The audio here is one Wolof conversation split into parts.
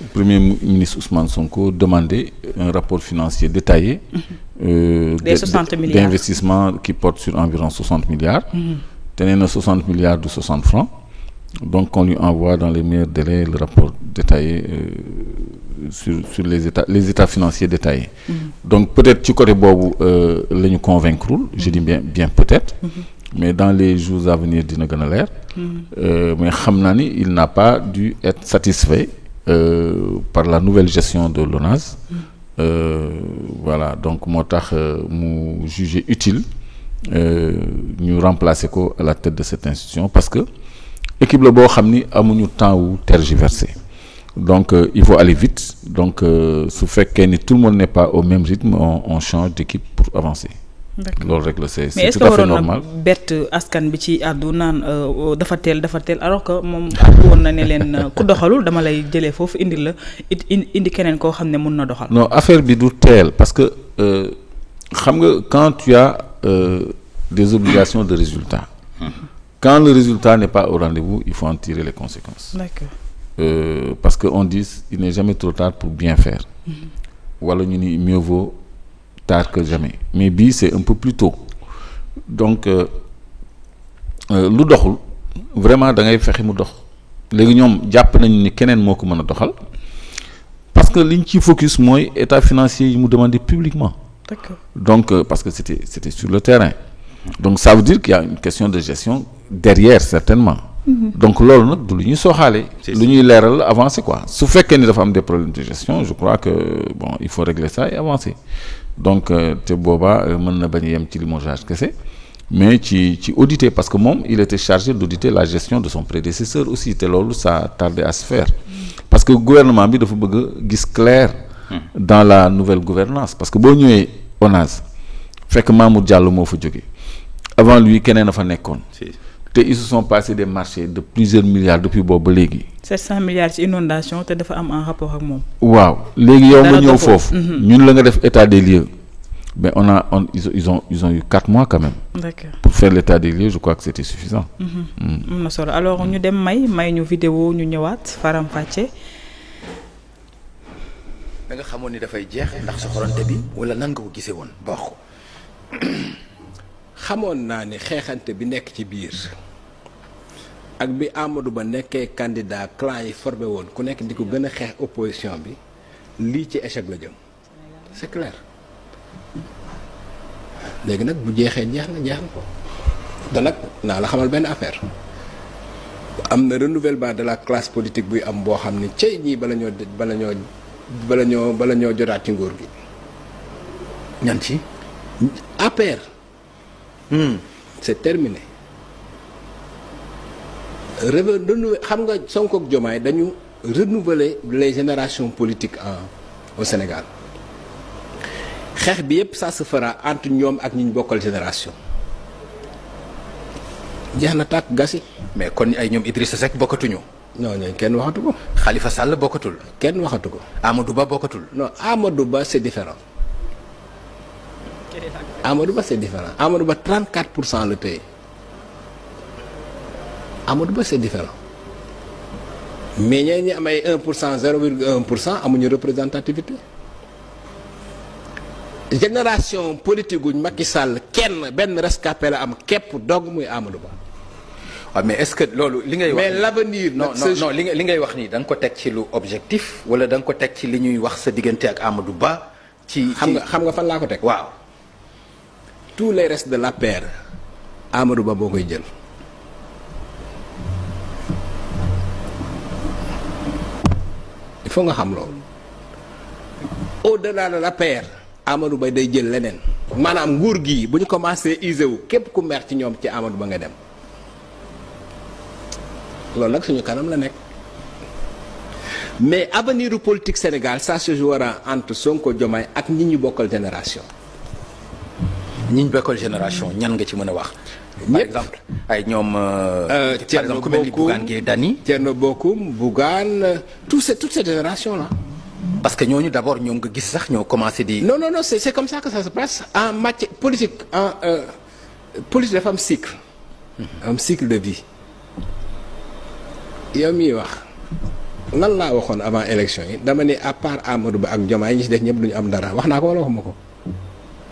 Le Premier ministre Ousmane Sonko demandait un rapport financier détaillé mm-hmm. euh, d'investissement qui porte sur environ 60 milliards. Mm-hmm. Tenez 60 milliards de 60 francs. Donc on lui envoie dans les meilleurs délais le rapport détaillé euh, sur, les, états, les états financiers détaillés. Mm-hmm. Donc peut-être tu connais Bobou, euh, nous convaincre, je dis bien, bien peut-être, mais dans les jours à venir, euh, mais il n'a pas dû être satisfait euh, par la nouvelle gestion de l'ONAS. Euh, voilà donc Motar nous euh, mu jugé utile nous remplacer à la tête de cette institution parce que l'équipe de boo a temps ou tergiversé donc il faut aller vite donc su fait que tout le monde n'est pas au même rythme on change d'équipe pour avancer lool rek la c'est c'est tout à fait normal mais bett askan bi ci àddu naan euh, dafa tel dafa teel alors que moom àddu woon na ne leen euh, ku doxalul dama lay jëlee foofu indi la indi keneen koo xam ne na doxal. non affaire bi du teel parce que euh, xam nga quand tu as des obligations de résultat. quand le résultat n'est pas au rendez-vous il faut en tirer les conséquences. d'accord. parce que on dit il n'est jamais trop tard pour bien faire. Mhm. wala ñu ni mieux vaut tard que jamais mais c'est un peu plus tôt donc euh, euh, lu vraiment da ngay fexe mu dox ont parce que liñ ci focus à l'état financier il mu demandé publiquement donc euh, parce que c'était sur le terrain donc ça veut dire qu'il y a une question de gestion derrière certainement Mhm. donc là, nag du lu ñuy sooxaale. lu avancer quoi su fekkee ni dafa am des problèmes de gestion je crois que bon il faut régler ça et avancer donc euh, te je euh, mën na pas si yem ci limogeage mais ci ci auditer parce que il était chargé d'auditer la gestion de son prédécesseur aussi là où ça tardait à se faire parce que le gouvernement bi dafa bëgg a clair. Hmm. dans la nouvelle gouvernance parce que sommes en Fait que Mamour Diallo moo fa avant lui keneen a fa con. Et ils se sont passés des marchés de plusieurs milliards depuis boobu ba 700 milliards ci inondation te dafa am en rapport ak moom. waaw léegi yow nga ñëw foofu. Mhm. ñun la nga def état des lieux. mais on a on ils ont ils ont eu 4 mois quand même. d'accord pour faire l'état des lieux je crois que c'était suffisant. Mhm. Mm. am na solo alors ñu dem may may ñu vidéo ñu ñëwaat faram fàcce. da nga xamoon ni dafay jeex ndax soxorante bi wala nan nga ko gisee woon baax ko. xamoon naa ni xeexante bi dans ci biir. ak bi Amadou Ba nekké candidat clan yi forbé won ku nekk diko gëna xex opposition bi li ci échec la jëm c'est clair légui nak bu jéxé jeex na jeex ko te la xamal ben affaire am na renouvellement de la classe politique bu am bo xamni ne cey ñii bala ñoo bala ñoo bala ñoo bala ñoo jotaat ci nguur gi ñan ci hmm c'est terminé renouveler xam nga Sonko Diomaye dañu renouveler les générations politiques en au Sénégal xeex bi yëpp ça se fera entre ñoom ak ñiñ bokkal génération. jeex tak tàkk gasi mais kon ay ñoom Idrissa Seck bokkatuñu. non non, kenn waxatu ko. Khalifa Sall bokkatul. kenn waxatu ko. Amadou Ba bokkatul. non Amadou Ba c'est différent. Amadou Ba c'est différent Amadou Ba 34 le pays. Amadou Ba c'est différent mais ñeneen ñi ay 1 0,1 pour cent représentativité génération politique guñ Macky Sall kenn ben rescapé la am képp dog muy Amadou Ba. mais est-ce que loolu li ngay. wax mais l'avenir non non non li ngay wax ni dang ko tek ci lu objectif wala dang ko tek ci li ñuy wax sa diggante ak Amadou Ba. ci xam nga xam nga fan la ko tek waaw tous les restes de paire Amadou Ba boo koy jël. foog nga xam loolu au delà de la paire Amadou Ba day jël leneen maanaam nguur gi bu ñu commencé usé wu képp ku mer ci ñoom ci Amadou Ba nga dem loolu nag suñu kanam la nekk mais avenir politique Sénégal ça se jouera entre Sonko Diomaye ak ñi ñu bokkal génération. ñiñ bokkal génération ñan nga ci mën a wax. par exemple ay ñoom. Euh, euh, par exemple ku mel ni Bougane Gueye Dany. Thierno Bocoum Bougane tout ce toute cette génération là. parce que ñooñu d' abord ñoom nga gis sax ñoo commencé di. non non non c' comme ça que ça se passe en matière politique en euh, politique dafa am cycle. Mhm. am cycle de vie. yow miy wax lan laa waxoon avant élection yi dama ne à part Amadou Ba ak Diomaye ñi ci def ñëpp duñu am dara wax naa ko wala waxuma ko.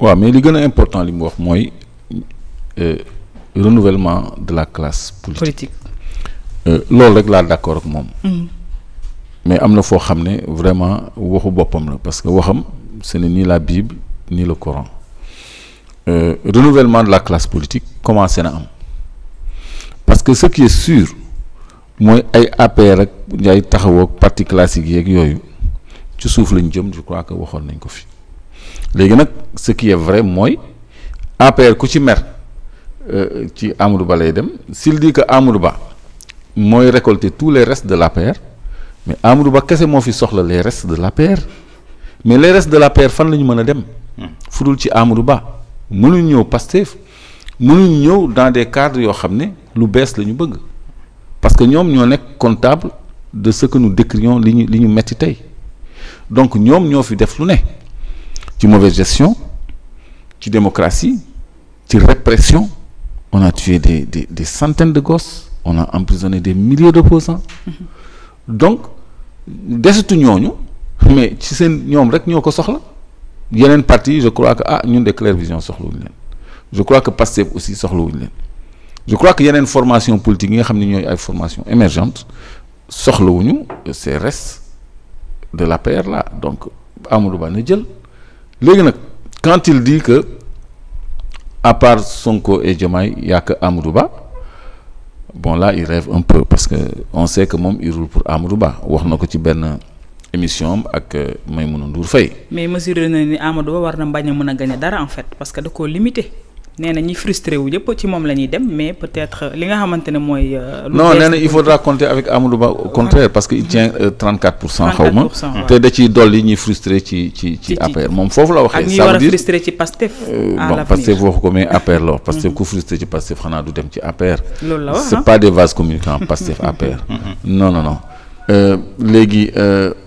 Oui, mais ce qui est important li mu wax euh, renouvellement de la classe politique que euh, rek suis d'accord avec moi. Mm. mais il faut vraiment, ne vraiment waxu boppam parce que ce n'est ni la Bible ni le Coran euh, renouvellement de la classe politique comment c'est am parce que ce qui est sûr je ay APR ak ay taxaw parti classique ont ci suuf je crois que je nañ ko fi léegi ce qui est vrai moi, APR ku ci mer euh, ci Amadou Ba lay dem s'il dit que Amadou Ba mooy récolter tous les restes de l'APR mais Amadou Ba kese moo fi soxla les restes de l'APR mais les restes de l'APR fan la ñu dem hmm. fudul ci Amadou Ba mënuñ ñëw Pastef mënuñ ñëw dans des cadres yo xamné lu bess lañu bëgg parce que ñom ñoo nek comptable de ce que nous décrions li ñu metti tay donc ñom ñoo fi def lu ne mauvaise gestion démocratie de répression on a tué des des centaines de gosses on a emprisonné des milliers d'opposants donc nous, ñooñu mais ci seen ñoom rek il y a une partie je crois que ah ñun une Vision sur je crois que Pastef aussi sur leen je crois a une formation politique yi nga une formation émergente C'est c'est reste de paire là donc à mon na quand il dit que à part Sonko et il y a que Amadou bon là il rêve un peu parce que on sait que même il roule pour Amadou Ba a une ci émission et ak euh, Maïmouna Ndour Fay. mais Monsieur, na ni Amadou Ba war na bañ a mën en fait parce que da koo limité nee na ñi frustré wu yëpp ci moom la ñuy dem mais peut-être euh, li nga xamante ne mooy. Euh, non nee na il faudra compter avec Amadou Ba au contraire parce que il tient 34 euh, pour cent. xaw ma te da ciy dolli ñi frustré ci ci ci APR moom foofu la waxee. ça ak ñi war a frustré ci Pastef. bon Pastef waxu ko mais APR la wax. Pastef ku mhm. frustré ci Pastef xanaa du dem ci APR. loolu la wax c'est hein. pas des vases communicants Pastef APR. Mhm. non non non. léegi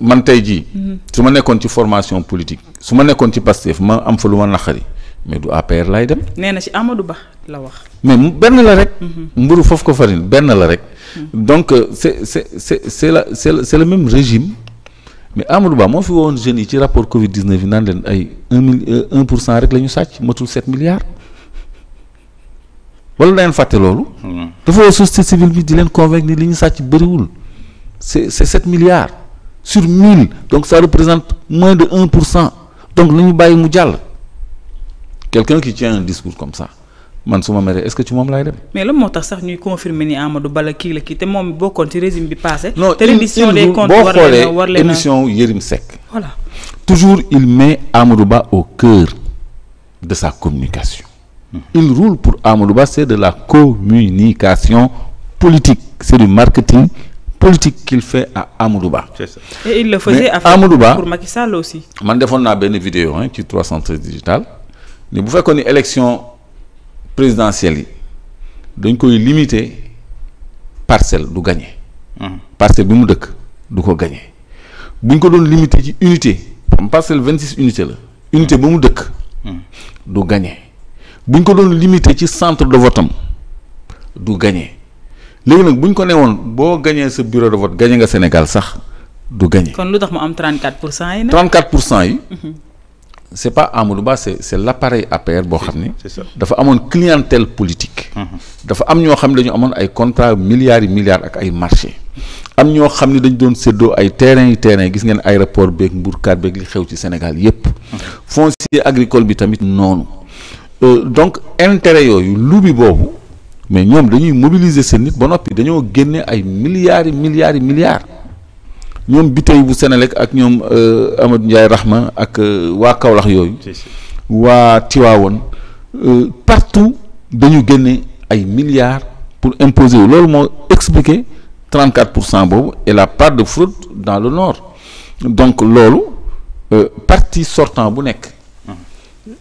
man tey jii. Mhm. su ma nekkoon ci formation politique su ma nekkoon ci Pastef ma am fa lu ma naqari mais du APR lay dem. néna ci Amadou Ba la wax. mais ben la rek. Mhm. mburu fof ko farine ben la rek. Mhm. donc euh, c'est c'est c'est c'est la c'est le même régime mais Amadou Ba mo fi won jeune, yi ci rapport Covid 19 yi nan len ay 1 mille euh, rek lañu ñu matul milliards. wala da faté lolu dafa woo société civile bi di len convaincre ni li ñu sàcc c'est c'est 7 milliards sur 1000, donc ça représente moins de 1%. donc lañu ñu mu jàll quelqu'un qui tient un discours comme ça man est-ce que tu m'as laay mais le moo tax sax ñuy confirmer ni Amadou Ba la kii la kii te c'est bokkoon ci régime bi passé. te des comptes war émission Yérim voilà toujours il met Amadou Ba au cœur de sa communication. Mhm. il roule pour Amadou Ba c'est de la communication politique c'est du marketing politique qu'il fait à Amadou Ba. et il le faisait. à Amadou Ba pour Macky Sall aussi. man defoon naa une vidéo hein ci 313 digital ne bu connaître une élection présidentielle yi dañ limité limiter parcelle de gagner hmm. parcelle de gagner buñ ko doon limiter ci unité parcelle 26 unités, unité la unité hmm. du gagner buñ ko limiter ci centre de vote am du gagner léegi nag buñ ko nee gagner ce bureau de vote gagner nga Sénégal sax du gagner kon lu tax am 34 34 c'est pas Amadou c'est l'appareil APR boo xam ni dafa clientèle politique mm-hmm. dafa am ñoo xam ne dañu ay contrat milliards et milliards ak ay marchés. am y a des dañu qui séddoo ay terrain yi terrain gis ngeen aéroport beeg mbuurkat beeg li xew ci Sénégal yépp mm-hmm. foncier agricole bi tamit non. Euh, donc intérêt yooyu luubi boobu mais ñoom dañuy mobiliser seen nit ba noppi dañoo des ay milliards et milliards et milliards ñom bitéy bu Senelec ak euh Amadou ndjay Rahma ak kaolax euh, Kaolack wa waa Tiwaawoon euh, partout dañu gagné ay milliards pour imposer wu loolu expliqué expliquer 34 bobu et la part de fraude dans le nord donc loolu euh, parti sortant bu mmh.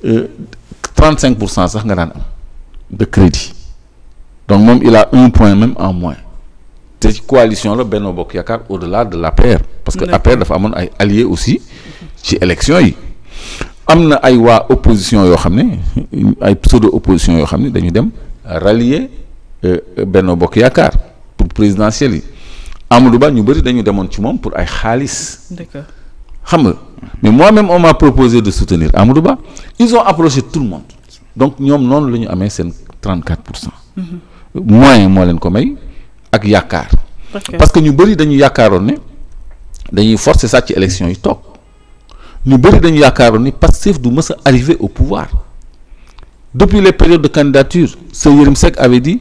euh 35 sax nga de crédit donc moom il a un point même en moins cette coalition là Benno au-delà de l'appel parce que l'appel dafa amone ay alliés aussi ci élection yi y a ay opposition yo xamné ay pseudo opposition yo xamné dañu dem rallier euh, Benno Bokk pour présidentiel yi Amadou Ba ñu bari dañu pour ay khalis xam mais moi-même on m'a proposé de soutenir Amadou ils ont approché tout le monde donc ñom non 34 moins cent mhm. moyen moo ko may ak Yakar. parce que ñu bari dañu yakaron ne dañuy forcer force ci élection yi tok ñu bari dañu yakaron ne au pouvoir depuis les périodes de candidature ce avait dit.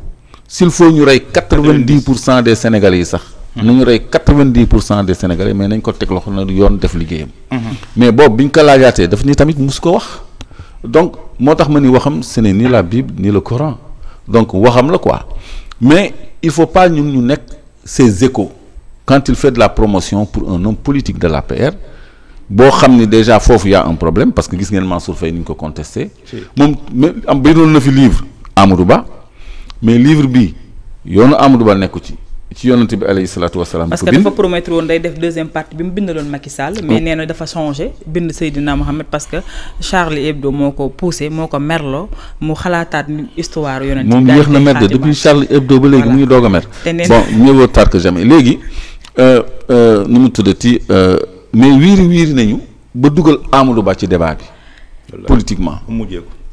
s'il faut ñu rey 90% des sénégalais ça, sax. 90% hmm. rey des sénégalais mais nous ko teg loxo de yoon def hmm. mais bon, bi ñu la laajaatee daf ni tamit mus ko wax. donc moi, je ni ce n'est ni la Bible ni le Coran donc waxam la quoi mais il faut pas nous nous nekk ces échos quand il fait de la promotion pour un homme politique de la PR, xam ni déjà qu'il y a un problème parce que gis que Mansour Faye ni ko contesté. Il am le na livre Amourouba. mais livre bi yoonu Amadou Ba nekku ci ci yonante bi alayhi salaatu wa salaam. parce que dafa promettre woon day def deuxième partie bi mu bindaloon Macky Sall. mais oh. nee na dafa changé bind Seydina Mohamed parce que Charlie Hebdo moo ko poussé moo ko merloo mu xalaataat histoire yonante bi. moom yéex na mer de depuis Charlie Hebdo ba léegi mu ngi doog a mer. bon mieux vaut tard que jamais léegi euh, euh, nu mu tuddati euh, mais wiiri wiiri nañu ba dugal Amadou Ba ci débat bi. politiquement mu mujjee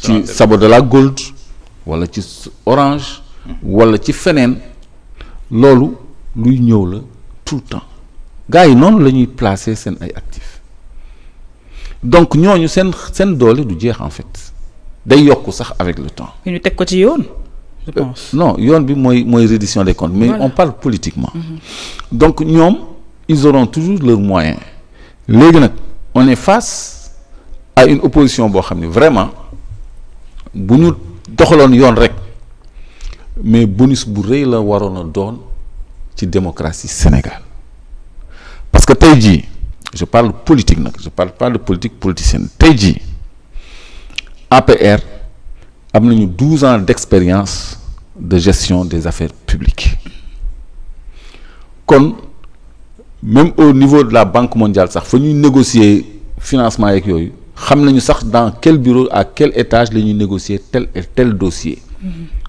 ci la Gold wala ci Orange wala ci fenen lolou luy ñëw la tout le temps gaay non lañuy placer sen ay actifs donc ñooñu sen sen doole du jeex en fait day yok sax avec le temps. ñu tek ko ci yoon. je euh, pense non yoon bi mooy mooy reddition des comptes. mais on parle politiquement. Mhm. donc nous, ils auront toujours leurs moyens. Maintenant, on est face à une opposition boo vraiment bu ñu doxaloon yoon rek mais bonus bu rëy la waroon ci démocratie Sénégal parce que tey je parle politique je parle pas de politique politicienne tey APR a 12 ans d'expérience de gestion des affaires publiques comme même au niveau de la Banque mondiale sax faut ñuy négocier financement avec eux xam nañu sax dans quel bureau à quel étage nous négocier tel et tel dossier.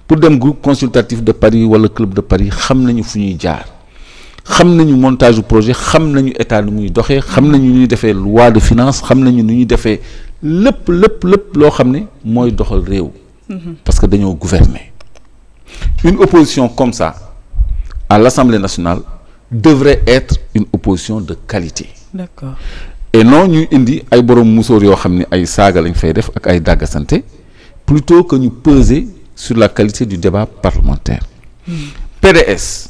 pour dem groupe consultatif de Paris ou le club de Paris xam nañu fu ñuy jaar xam nañu montage projet xam nañu état nu muy doxé xam nañu ñuy loi de finance xam nañu nu ñuy defee lepp lépp lépp loo doxal parce que dañoo gouverner. une opposition comme ça à l'Assemblée nationale devrait être une opposition de qualité. D'accord et non nous indi ay borom musóor yo xamni ay saaga lañ fay def ak ay plutôt que ñu peser sur la qualité du débat parlementaire hmm. PDS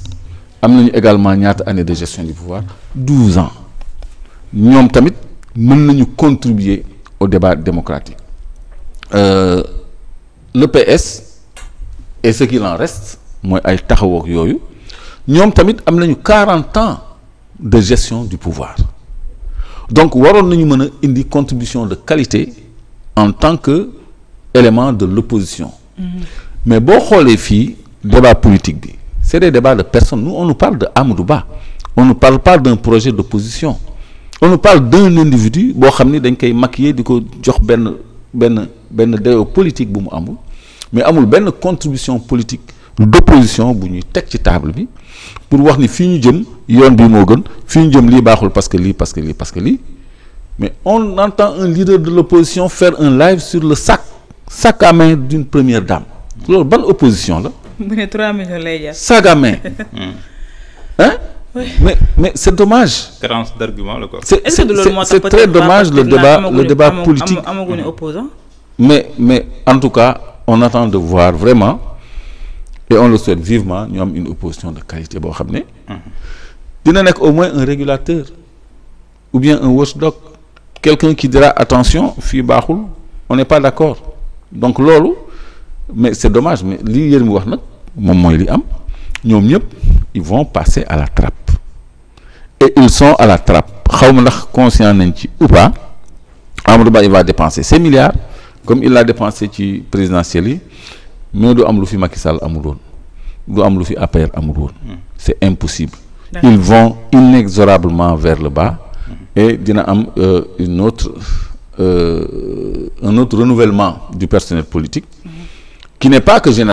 a ñu également une année de gestion du pouvoir 12 ans Nous tamit mën contribuer au débat démocratique euh, le PS et ce qu'il en reste nous ay eu yoyu ans de gestion du pouvoir donc nous avons une contribution de qualité en tant qu'élément de l'opposition mm-hmm. Mais -hmm. mais si on la débat politique c'est des débats de personnes nous on nous parle de on ne parle pas d'un projet d'opposition on nous parle d'un individu qui est maquillé dañ politique Mais mais une contribution politique d'opposition bu ñuy teg ci table bi pour wax ni fii ñu jëm yoon bi mo gën fii ñu jëm li baxul parce que li parce que li parce que li mais on entend un leader de l'opposition faire un live sur le sac sac à main d'une première dame loolu ban opposition la. bu ne 3 millions lay sac à main. hein oui. mais mais c'est dommage. carence d'argument le quoi. c'est c'est très dommage le débat le débat politique. mais mais en tout cas on attend de voir vraiment et on le souhaite vivement nous avons une opposition de qualité boo xam Il au moins un régulateur ou bien un watchdog quelqu'un qui dira attention on n'est pas d'accord donc mais c'est dommage mais ce que wax nag c'est mooy li am ils vont passer à la trappe et ils sont à la trappe Quand ma conscient ou pas Amrouba il va dépenser ces milliards comme il l'a dépensé présidentiellement mais du am lu fi Macky Sall amul du am lu fi APR hmm. c'est impossible ils vont inexorablement vers le bas hmm. et dina am euh, une autre euh, un autre renouvellement du personnel politique hmm. qui n'est pas que